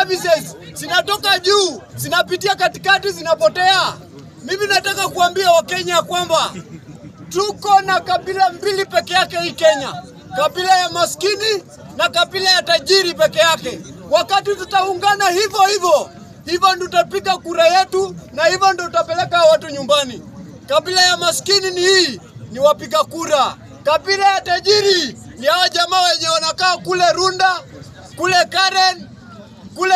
services zinatoka juu, zinapitia katikati, zinapotea. Mimi nataka kuambia Wakenya kwamba tuko na kabila mbili peke yake hii Kenya, kabila ya maskini na kabila ya tajiri peke yake. Wakati tutaungana hivyo hivyo hivyo ndo tutapiga kura yetu, na hivyo ndo tutapeleka watu nyumbani. Kabila ya maskini ni hii, ni wapiga kura. Kabila ya tajiri ni hawa jamaa wenye wanakaa kule Runda, kule Kare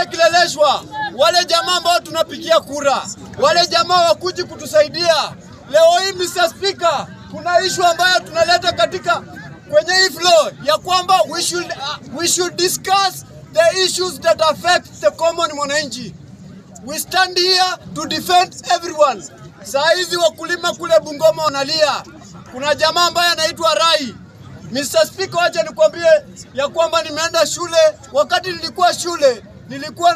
Kileleshwa, wale jamaa ambao tunapigia kura, wale jamaa wakuji kutusaidia leo hii. Mr. Speaker, kuna ishu ambayo tunaleta katika kwenye hii floor ya kwamba we should, uh, we should discuss the issues that affect the common mwananchi. We stand here to defend everyone. Saa hizi wakulima kule Bungoma wanalia, kuna jamaa ambaye anaitwa Rai. Mr. Speaker, wacha nikwambie ya kwamba nimeenda shule wakati nilikuwa shule nilikuwa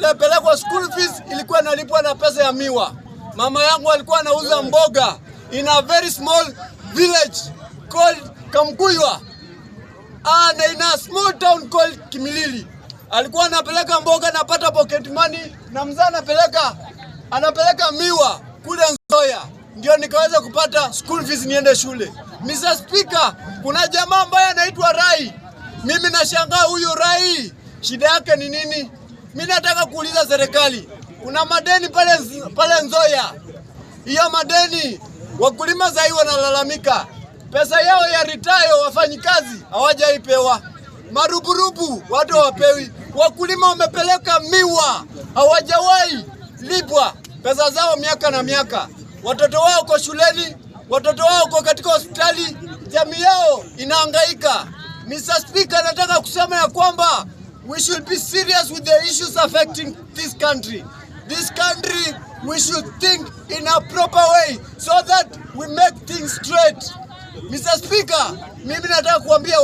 napelekwa school fees, ilikuwa nalipwa na pesa ya miwa. Mama yangu alikuwa anauza mboga in a very small village called Kamkuywa ah, and in a small town called Kimilili. Alikuwa anapeleka mboga, napata pocket money, na mzee anapeleka anapeleka miwa kule Nzoya, ndio nikaweza kupata school fees niende shule. Mr. Speaker, kuna jamaa ambaye anaitwa Rai. Mimi nashangaa huyu Rai Shida yake ni nini? Mimi nataka kuuliza serikali, kuna madeni pale pale Nzoya. Hiyo madeni wakulima zai wanalalamika, pesa yao ya ritayo wafanyikazi hawajaipewa, marupurupu watu hawapewi, wakulima wamepeleka miwa hawajawahi lipwa pesa zao miaka na miaka, watoto wao kwa shuleni, watoto wao kwa katika hospitali, jamii yao inahangaika. Mr. Speaker, nataka kusema ya kwamba we should be serious with the issues affecting this country. This country, we should think in a proper way so that we make things straight. Mr. Speaker, mimi nataka kuambia